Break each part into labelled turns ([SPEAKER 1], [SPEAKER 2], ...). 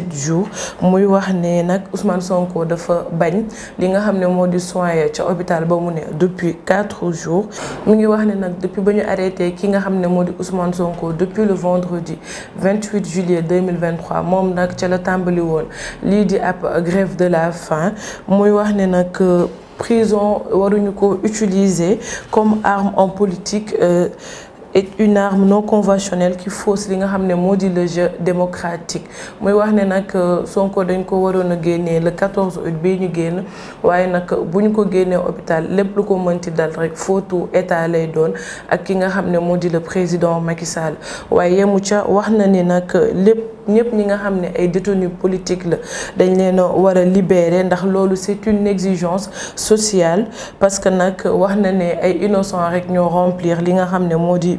[SPEAKER 1] 17 jours muy wax ne nag Ousmane Sonko dafa bañ li nga xamné ne moo di soigné ca hôpital ba mu depuis 4 jours mu ngi wax ne depuis bañu arrêté ki nga xamné ne di Ousmane Sonko depuis le vendredi 28 juillet 2023 mom nak ca la tambali won li di app grève de la faim muy wax ne nag euh, prison waruñu ko utiliser comme arme en politique euh, est une arme non conventionnelle qui fausse li nga xam ne le jeu démocratique muy wax ne nag euh, Sonko dañ ko waroon a le 14 août bii ñu génn waaye nag bu ñu ko génnee hôpital Les lu ko mënti dal rek fautu état lay doon ak ki nga xam le président Macky Sall waaye yemu ca wax na ni nag lépp ñëpp ñi nga xamné ay détenus politiques la dañ leen a libérer ndax lolu c'est une exigence sociale parce que nak wax na ne ay innocents rek ñoo remplir li nga xamné modi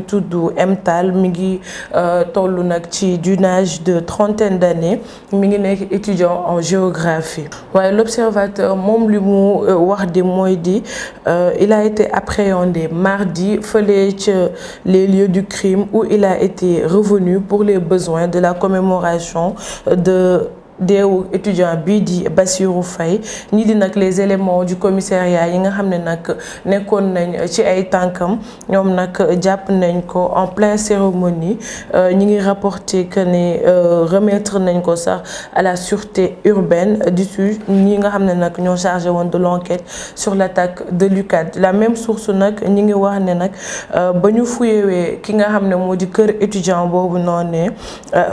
[SPEAKER 1] tout doux Mtal mingi ngi euh, d'une âge de trentaine d'années mingi nek étudiant en géographie l'observateur mom li mu euh, euh, il a été appréhendé mardi folie les lieux du crime où il a été revenu pour les besoins de la commémoration de deewu étudiant Bidi Bassirou Faye ni di nag les éléments du commissariat yi nga xamné nak nag nañ ci ay tankam ñom nak japp nañ ko en pleine cérémonie euh, ñi ngi rapporté que ni euh, remettre nañ ko sax à la sûreté urbaine du sud ñi nga xamné nak ñoo chargé won de l'enquête sur l'attaque de l'UCAD la même source n'ak ñi ngi wax né nak euh, bañu ñu fuyewee ki nga xamné modi moo kër étudiant bobu noné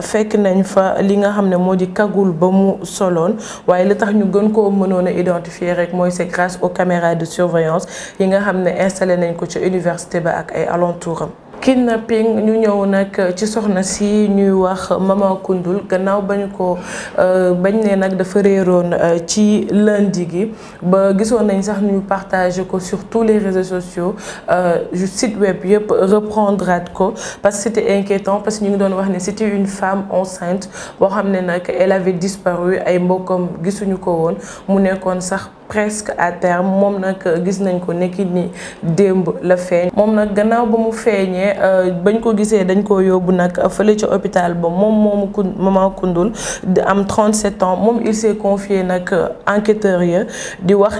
[SPEAKER 1] fekk nañ fa li nga xamné modi moo ba mu soloon waaye li tax ñu gën koo mënoon a identifier rek mooy c'est grâce aux caméras de surveillance yi nga xam ne installé nañ ko ci université ba ak ay alentours kidnapping ñu ñëw nak euh, ci soxna si ñuy wax Mama gannaaw euh, bañ ko bañ euh, lundi ba nañ sax ñu sur tous les réseaux sociaux le site web parce c'était inquiétant parce que ñu c'était une femme enceinte bo elle avait disparu ay gisunu ko mu sax presque à terme mom nak euh, gis nañ ko nekki ni la feeñ mom nak gannaaw mu euh, bañ ko dañ ko hôpital ba maman am 37 ans mom il s'est confié nak euh, enquêteur ya di wax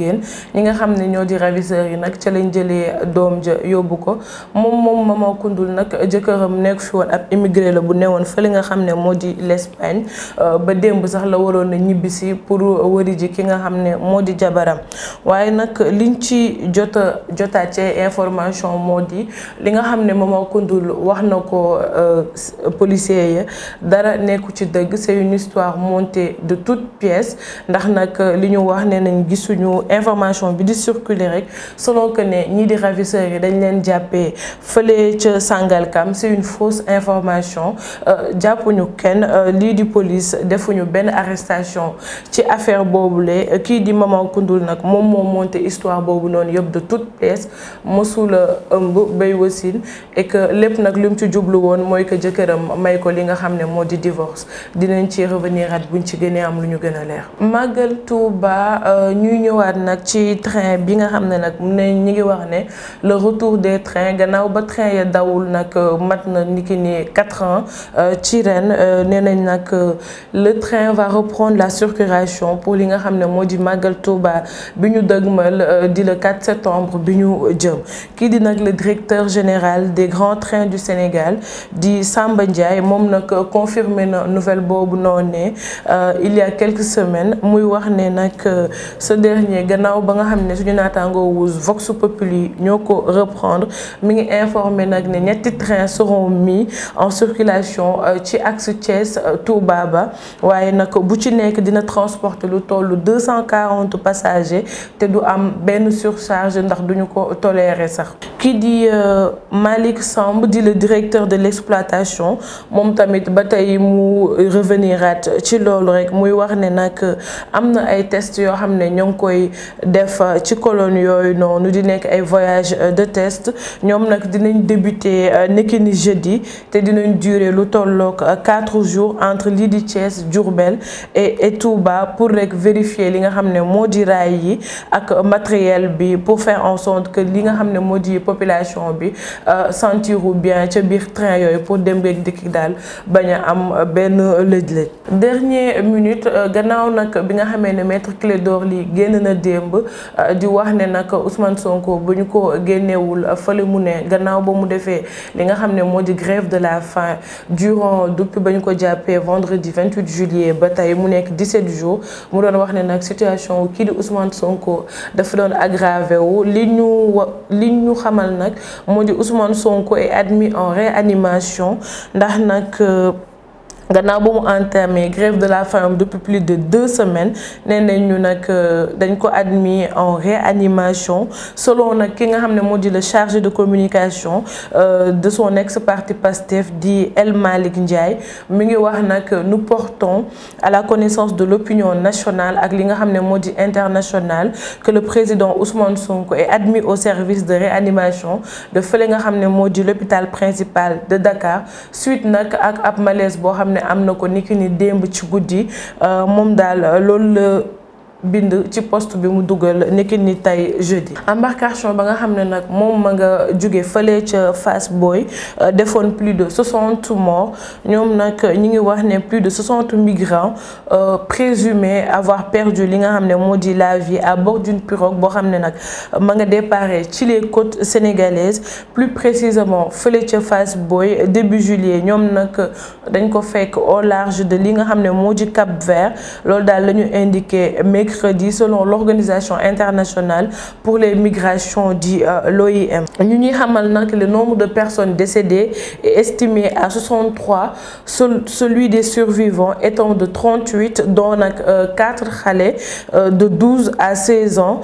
[SPEAKER 1] jigéen ñi nga xam ne ñoo di ravisseurs yi nag ca lañ jëlee doom ja yóbbu ko moom moom Maman Koundoul nag jëkkëram nekk fi woon ab immigré la bu newoon fële nga xam ne moo di l'Espagne euh, ba démb sax la waroon na ñibbisi pour wëri ji ki nga xam ne moo di jabaram waaye nag liñ ci jota jotaat ci information moo di li nga xam ne Maman Koundoul wax na ko euh, policier ya dara nekku ci dëgg c'est une histoire montée de toutes pièces ndax nag li ñu wax ne nañ gisuñu information bi di circuler rek selon que ne ñii di ravisseurs yi dañ leen jàppee fële ca Sangalkam c'est une fausse information euh, jàppuñu kenn euh, li di police defuñu ben arrestation ci affaire lé ki di Maman kundul nak moom moo monté histoire bobu non yëpp de toute pièce mosula ëmb béy wasin et que lepp nak lim ci djublu won moy que jëkkëram may ko li nga xamné ne di divorce dinañ ci revenir at buñ ci gëné am lu ñu gën a leer màggal euh, ñuy ñëwaat ci train bi nga ñi ngi wax le retour des trains gannaaw ba train ya dawul nak euh, mat na niki ni quatre ans euh, ci ren euh, nee nañ le train va reprendre la circulation pour li nga xamné modi magal di màggal Touba di le 4 septembre biñu ñu jëm kii di nak le directeur général des grands trains du Sénégal di Samba Ndiaye mom nak confirmé na nouvelle bobu noné il y a quelques semaines muy wax né nak ce dernier ne gannaaw ba nga xamné suñu natango wuus Vox Populi ñoko reprendre mi ngi informé nak né ñetti train seront mis en circulation euh, ci axe Thiès euh, Touba ba waaye nag bu ci nekk dina transporter lu tollu 240 passagers te du am benn surcharge ndax duñu ko tolérer sax. Qui dit euh, Malik Samb dit le directeur de l'exploitation Mon tamit ba mou mu reveniraat ci loolu rek muy wax ne nag euh, am na ay tests koy def euh, ci colonne non nous di nekk ay voyage de test ñoom nak dinañ débuter nekki jeudi te dinañ durer lu 4 quatre jours entre Lidi di Thiès et Etouba pour rek vérifier li nga xam ne moo ak matériel bi pour faire en sorte que li nga xam ne population bi euh, sentiru bien ci bir train yoy pour dem beeg dikki daal bañ am ben lëj-lëj. dernier minute euh, gannaaw nak bi nga xamé né maître Clédor Ly génn na démb di wax né nak Ousmane Sonko buñ ñu ko génneewul fele mu né gannaaw ba mu défé li nga xamné modi grève de la faim durant depuis bañ ko jappé vendredi 28 juillet ba tey mu nekk 17 jours mu doon wax né nak situation ki di Ousmane Sonko dafa doon aggravé wu li ñu li ñu xam xamal nag Ousmane Sonko est admis en réanimation ndax euh, dans ba entamé grève de la femme depuis plus de deux semaines nous euh, avons admis en réanimation selon ki nga le chargé de communication euh, de son ex-parti PASTEF dit El Malik Ndiaye nous portons à la connaissance de l'opinion nationale ak internationale que le président Ousmane Sonko est admis au service de réanimation de nga l'hôpital principal de Dakar suite ak malaise am na ko niki ni démb ci guddi moom daal loolu bind ci poste bi mu dugal niki ni tey jeudi embarcation ba nga xamné nak mom ma nga jóge feulé ca Fass boy euh, defoon plus de 60 morts ñom nak ñi ngi wax né plus de 60 migrants euh, présumés avoir perdu li nga xamné modi la vie à bord d'une pirogue bo xamné nak ma nga déparé ci les côtes sénégalaises plus précisément feulé ca Fass boy début juillet ñom nak dañ ko fekk au large de li nga xamné modi Cap Vert lool dal lañu indiquer indiqué selon l'Organisation internationale pour les migrations dit euh, l'OIM. Nous ñuy xamal que le nombre de personnes décédées est estimé à 63, celui des survivants étant de 38, dont 4 euh, euh, de 12 à 16 ans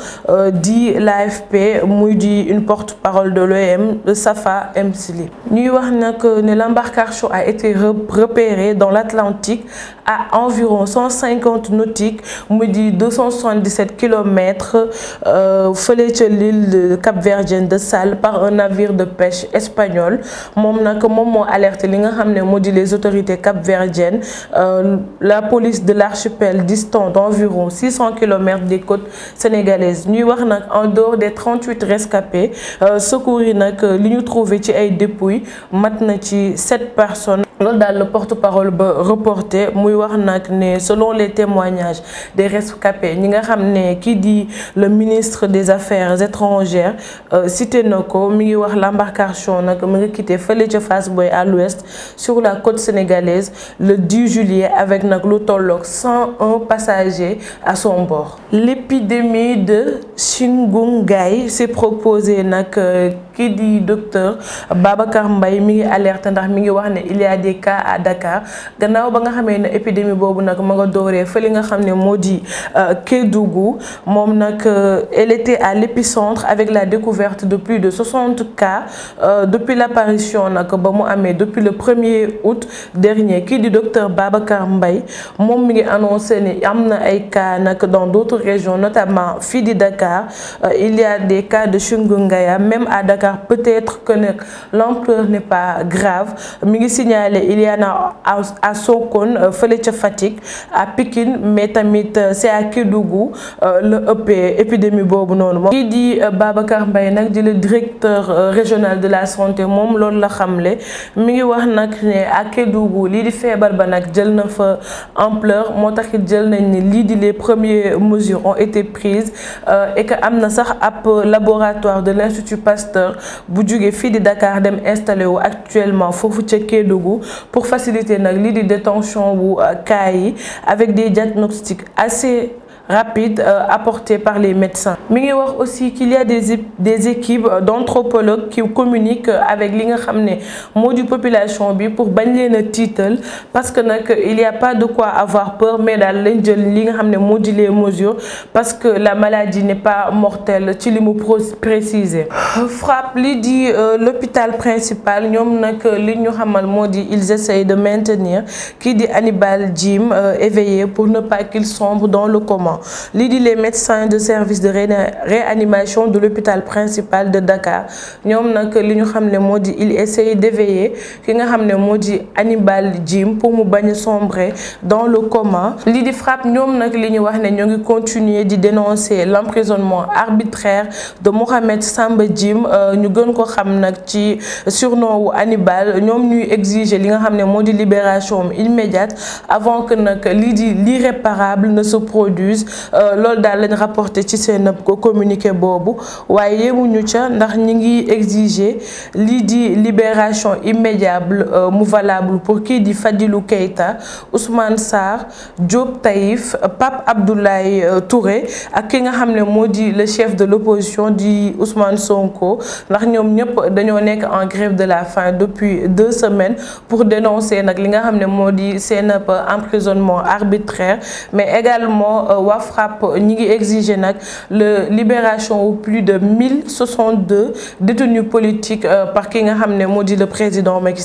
[SPEAKER 1] dit l'AFP Moudi, une porte-parole de l'OIM Safa Msili. Nous wax que l'embarcation a été repérée dans l'Atlantique à environ 150 nautiques Moudi 200 277 kilomètres euh, l'île de l'île Cap-Verdienne de Sal par un navire de pêche espagnol mon moment alerté les autorités cap-verdiennes euh, la police de l'archipel distant d'environ 600 km des côtes sénégalaises Nous avons en dehors des 38 rescapés euh, secours que que li trouvé 7 personnes le porte-parole reporté selon les témoignages des rescapés ñi nga dit le ministre des affaires étrangères euh, cité l'embarcation qui ngi à l'ouest sur la côte sénégalaise le 10 juillet avec l'autologue 101 passagers à son bord. l'épidémie de chikungunya s'est proposée qui euh, dit docteur Babacar Mbaye il a cas à Dakar gannaaw ba nga épidémie bobu nak ma nga nga xamné Modi, euh, euh, elle était à l'épicentre avec la découverte de plus de 60 cas euh, depuis l'apparition nak ba mu depuis le 1er août dernier qui du docteur Babacar Mbaye mom mi ngi annoncé ni amna ay cas dans d'autres régions notamment fidi Dakar il y a des cas de chungungaya même à Dakar peut-être que l'ampleur n'est pas grave mi ngi signaler Sall Iliana à Sokone euh, fële ca Fatick à Pékin mais tamit euh, c'est à Kédougou euh, le ëppee épidémie boobu noonu moom. di Babacar Mbaye nag le directeur régional de la santé Mom loolu la xamle mi ngi wax à Kédougou lii di feebar ba nag jël na fa ampleur moo tax it jël nañ di les premières mesures ont été prises et que am a sax laboratoire de l'Institut Pasteur bu jugee di Dakar dem installé wu actuellement foofu ca Kédougou pour faciliter la libération de détention ou euh, cas avec des diagnostics assez rapide euh, apportée par les médecins mais aussi qu'il y a des des équipes euh, d'anthropologues qui communiquent euh, avec li nga xamné population pour bañ le titre parce que n'y il y a pas de quoi avoir peur mais la lañ jël li nga xamné parce que la maladie n'est pas mortelle tu limu précisé. préciser frappe li l'hôpital principal ñom nak ils essayent de maintenir qui dit Hannibal Jim éveillé pour ne pas qu'il sombre dans le coma les médecins de service de réanimation de l'hôpital principal de Dakar nous ont d'éveiller ki Jim Hannibal pour mu bañ dans le coma L'idée frappe nous continuer dénoncer l'emprisonnement arbitraire de Mohamed Samba Jim. Nous avons ko surnom Hannibal exiger libération immédiate avant que l'irréparable ne se produise euh, lol daal lañ rapporté ci seen communiqué bobu waye yemuñu ci ndax ñi ngi exiger li di libération immédiable euh, mu valable pour kii di Fadilou Keita Ousmane Sarr Diop Taïf Pape Abdoulaye euh, Touré ak ki nga xamné modi le chef de l'opposition di Ousmane Sonko ndax ñom ñëpp dañoo nek en grève de la faim depuis deux semaines pour dénoncer nak li nga xamné modi moo emprisonnement arbitraire mais également frappe, ni la libération de plus de 1062 détenus politiques euh, par King Hamne maudit le président Macky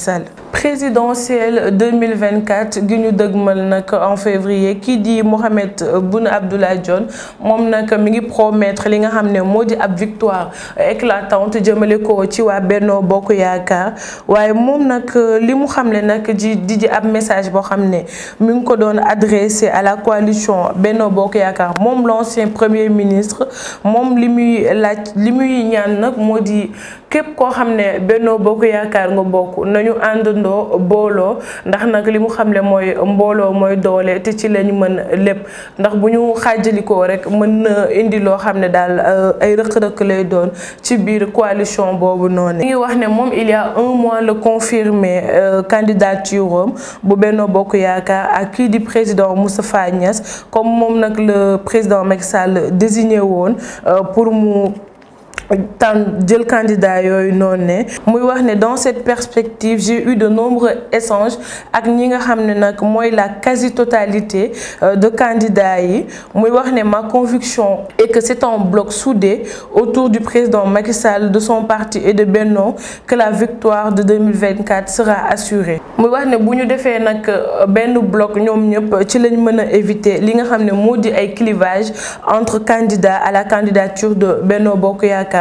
[SPEAKER 1] présidentielle 2024 guñu deugmal en février qui di Mohamed Boun Abdallah Dionne mom nak mi ngi promettre li nga xamné modi ab victoire éclatante jëmale ko ci wa Benno Bokk Yaakaar waye mom nak li mu xamle nag di di ab message bo xamné mi ngi ko don adressé à la coalition Benno Bokk Yaakaar mom l'ancien premier ministre mom limu muy laaj ñaan nak modi di képp koo xam Benno Bokk Yaakaar nga bokk nañu ànd àndandoo bolo ndax nak limu xamle moy mbolo moy doole te ci lañu mën lepp ndax buñu ñu rek mën indi lo xamne dal euh, ay rek rek lay doon ci biir coalition bobu non mi ngi wax ne moom il y a un mois le confirmer euh, candidature bu Benno Bokk yaaka ak ki di président Moustapha Niass comme mom nak le président Macky Sall désigné woon euh, pour mu candidat dans cette perspective j'ai eu de nombreux échanges avec la quasi totalité euh, de candidats ma conviction est que c'est un bloc soudé autour du président Macky Sall de son parti et de Benno que la victoire de 2024 sera assurée muy wax ne fait un euh, bloc ñoom éviter li clivage entre candidats à la candidature de Benno Bokoyaka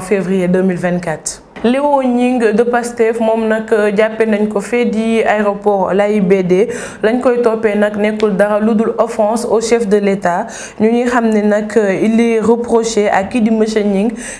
[SPEAKER 1] en février 2024 Léo Nying de Pastef mom nak euh, jappé nañ ko fé di aéroport l'AIBD lañ koy topé nak nekul dara offense au chef de l'État ñu ñi xamné nak euh, il est reproché à Kidi Monsieur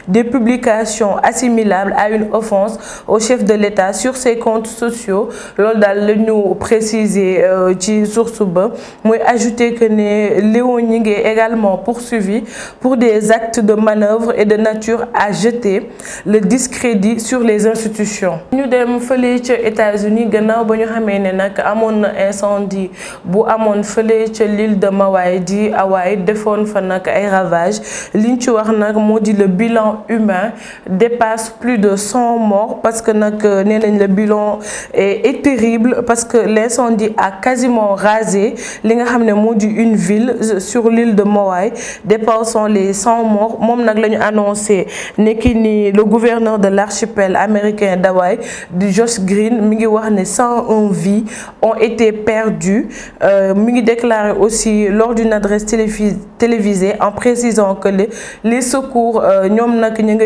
[SPEAKER 1] des publications assimilables à une offense au chef de l'État sur ses comptes sociaux lol dal la ñu préciser euh, ci source ba moy ajouter que né Léo Nying est également poursuivi pour des actes de manœuvre et de nature à jeter le discrédit sur les institutions. Nous avons vu les États-Unis gannaaw ba ñu xamee incendie bu amone feulé ci l'île de Maui di Hawaï defone fa nak ay ravages liñ ci wax nak le bilan humain dépasse plus de 100 morts parce que nak euh, le bilan est, terrible parce que l'incendie a quasiment rasé li nga xamné une ville sur l'île de Maui dépassant les 100 morts Nous nak annoncé que le gouverneur de l'archipel américain d'Hawaï de Josh Green Mingi sans envie, 101 ont été perdus. Euh, Mingi aussi lors d'une adresse télévisée en précisant que les secours euh, ont été ñu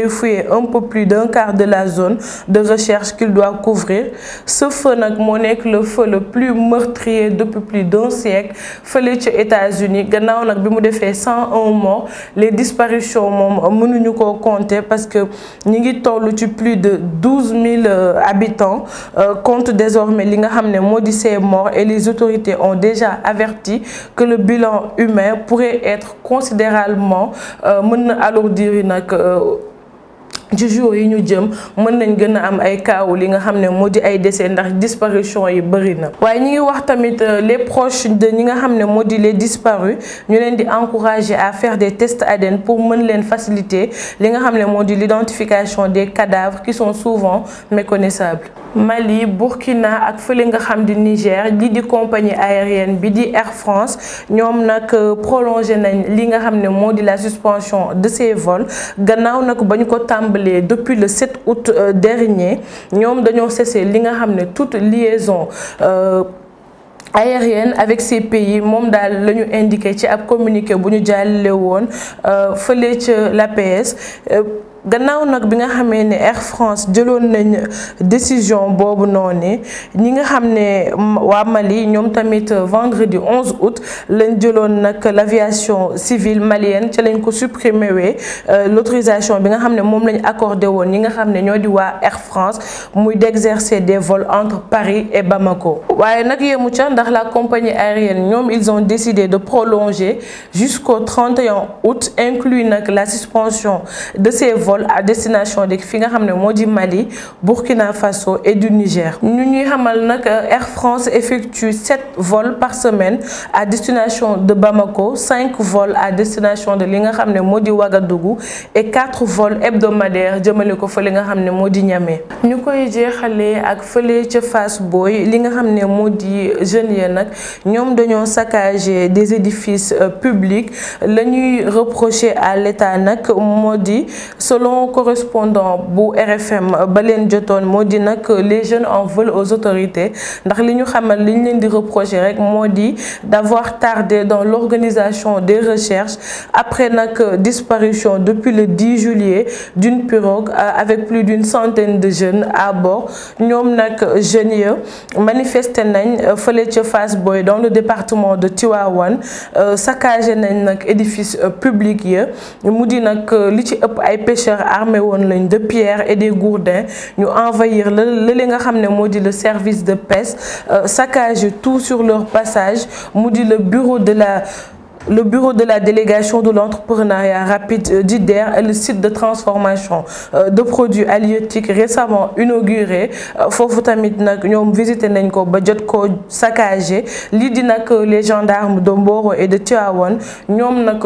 [SPEAKER 1] un peu plus d'un quart de la zone de recherche qu'ils doivent couvrir ce feu est le feu le plus meurtrier depuis plus d'un siècle Feu les États-Unis gannaaw y a 101 morts les disparitions moom mënuñu compter parce que ñi ngi tollu ci plus de 12 000 euh, habitants euh, compte désormais li nga et et les autorités ont déjà averti que le bilan humain pourrait être considérablement euh, ci jours yi ñu jëm mën nañ gëna am ay kaaw li nga xam modi ay décès ndax disparition yi bëri na waaye ñi ngi wax tamit euh, les proches de ñi nga xam modi les disparus ñu leen di encourager à faire des tests ADN pour mën leen faciliter li nga xam modi l'identification des cadavres qui sont souvent méconnaissables Mali Burkina ak fële nga Niger lii di compagnie aérienne bi Air France nous nag euh, prolongé nañ li nga la suspension de ses vols gannaaw nag ba depuis le 7 août euh, dernier Nous dañoo cessé li nga toute liaison euh, aérienne avec ces pays mom daal la ñu indiqué ci ab communiqué bu ñu jàllale woon la PS l'APS gannaaw nak bi nga xamee ne Air France jëloon nañ décision boobu noonu ñi nga xam ne Mali ñoom tamit vendredi 11 août lañ jëloon nak l' civile malienne ci lañ ko supprimé wee euh, l' autorisation bi nga lañ accordé woon ñi nga xam ne Air France muy exercer des vols entre Paris et Bamako. waaye nag yemu ca ndax la compagnie aérienne ñoom ils ont décidé de prolonger jusqu'au 31 août inclus la suspension de ces vols à destination de fi nga Mali Burkina Faso et du Niger ñu ñuy xamal Air France effectue sept vols par semaine à destination de Bamako 5 vols à destination de li nga Ouagadougou et quatre vols hebdomadaires de ko fa Modi nga Niamey ñu koy jeexalee ak fële ca Fass Boye li nga xam jeunes saccagé des édifices euh, publics la ñuy reprocher à l'État que Modi selon correspondant pour RFM Balen leen modi dit les jeunes en veulent aux autorités ndax liñu xamal liñ di reprocher rek d'avoir tardé dans l'organisation des recherches après la disparition depuis le 10 juillet d'une pirogue euh, avec plus d'une centaine de jeunes à bord ñom nak jeunes manifesté nañ euh, fele dans le département de Tiwawan euh, saccagé nañ édifice public nous avons nak li pêcheurs Armée armés de pierres et des gourdins nous envahir le, le, le service de peste euh, saccage tout sur leur passage le bureau de la le bureau de la délégation de l'entrepreneuriat rapide euh, d'IDER est le site de transformation euh, de produits halieutiques récemment inauguré euh, foofu tamit nag visité nañ ko ba jot ko saccagé lii que les gendarmes de Mboro et de Tiawon nous nag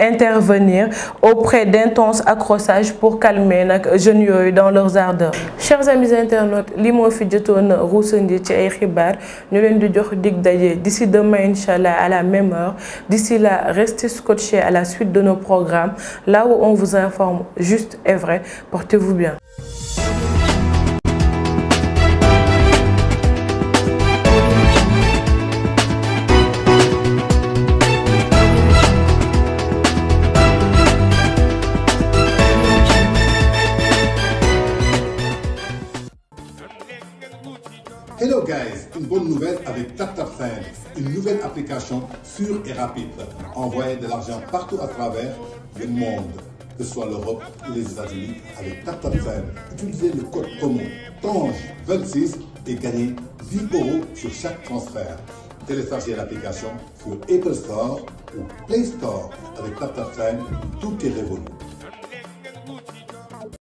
[SPEAKER 1] intervenir auprès d'intenses accrochages pour calmer les jeunes dans leurs ardeurs chers amis internautes li mo fi jotoon ruusandi ci ay xibar ñu leen di jox dig d'ici demain inchallah à la même heure D'ici là, restez scotchés à la suite de nos programmes, là où on vous informe juste et vrai. Portez-vous bien. une nouvelle application sûre et rapide. Envoyer de l'argent partout à travers le monde, que ce soit l'Europe ou les États-Unis, avec TapTapSend. Utilisez le code promo TANGE26 et gagnez 10 euros sur chaque transfert. Téléchargez l'application sur Apple Store ou Play Store avec TapTapSend. Tout est révolu.